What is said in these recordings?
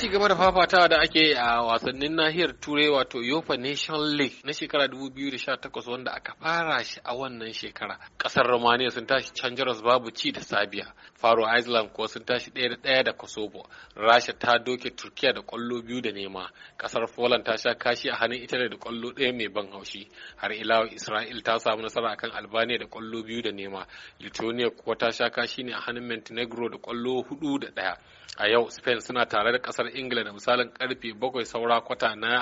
ci gaba da fafatawa da ake a wasannin nahiyar turai wato yofa nation league na shekara 2018 wanda aka fara shi a wannan shekara kasar romania sun tashi can babu ci da sabiya faro island kuwa sun tashi ɗaya da ɗaya da kosovo rasha ta doke turkiya da kwallo biyu da nema kasar poland ta sha kashi a hannun italy da kwallo ɗaya mai ban haushi har ila Isra'il ta samu nasara akan albania da kwallo biyu da nema lithuania kuwa ta sha kashi ne a hannun montenegro da kwallo hudu da ɗaya a yau spain suna tare da kasar ingila da misalin karfe bakwai saura kwata na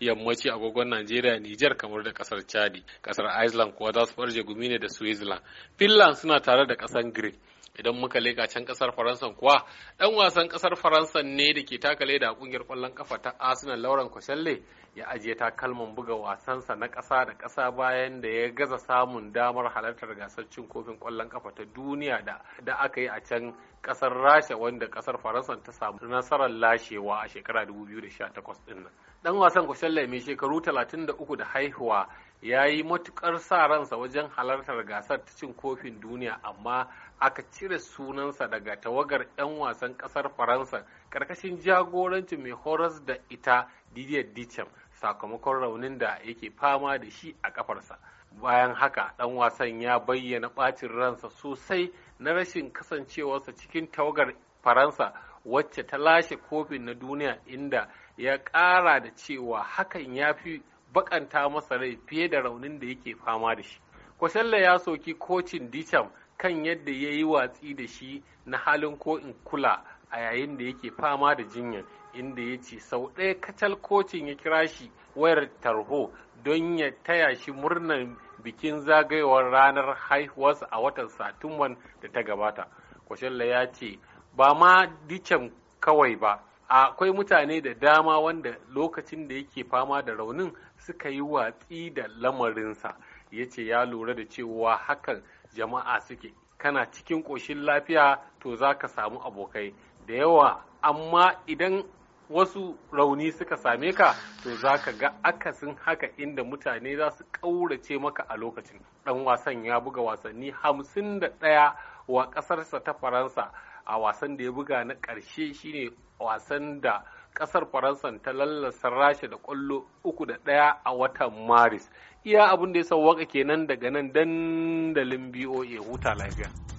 yammaci agogon nigeria niger kamar da kasar chadi kasar iceland kuwa za su farje gumi ne da switzerland finland suna tare da kasar greek idan muka leka can kasar faransa kuwa dan wasan kasar faransa ne da ke taka leda a kungiyar kwallon kafa ta arsenal lauren kwashalle ya ajiye takalman buga wasansa na kasa da kasa bayan da ya gaza samun damar halartar gasar cin kofin kwallon kafa ta duniya da aka yi a can kasar rasha wanda kasar faransa faransa ta samu nasarar lashewa a shekara 2018 din nan dan wasan kwashalla mai shekaru 33 da haihuwa ya yi matukar sa ransa wajen halartar gasar ta cin kofin duniya amma aka cire sunansa daga tawagar 'yan wasan ƙasar faransa karkashin jagorancin mai horas da ita didier dicham sakamakon raunin da yake fama da shi a ƙafarsa bayan haka dan wasan ya bayyana ɓacin ransa sosai na rashin kasancewarsa cikin tawagar faransa wacce ta lashe kofin na duniya inda ya ƙara da cewa hakan ya fi bakanta masa rai fiye da raunin da yake fama da shi. Kwashalla ya soki kocin Dicham kan yadda ya yi watsi da shi na halin ko in kula a yayin da yake fama da jinyar inda ya ce sau ɗaya kacal kocin ya kira shi wayar tarho don ya taya shi murnar bikin zagayowar ranar haihuwarsa a watan satumban da ta gabata. Kwashalla ya ce ba ma dicen kawai ba akwai mutane da dama wanda lokacin da yake fama da raunin suka yi watsi da lamarinsa ya ce ya lura da cewa hakan jama'a suke kana cikin ƙoshin lafiya to za ka samu abokai da yawa amma idan wasu rauni suka same ka to za ka ga akasin haka inda mutane za su ƙaurace maka a lokacin ɗan wasan ya buga wasanni hamsin da ɗaya wa ƙasarsa ta faransa a wasan da ya buga na ƙarshe shine wasan da ƙasar faransa ta lallasa rasha da ƙwallo uku da ɗaya a watan maris iya abin da ya sauwaka kenan daga nan dandalin boa huta lafiya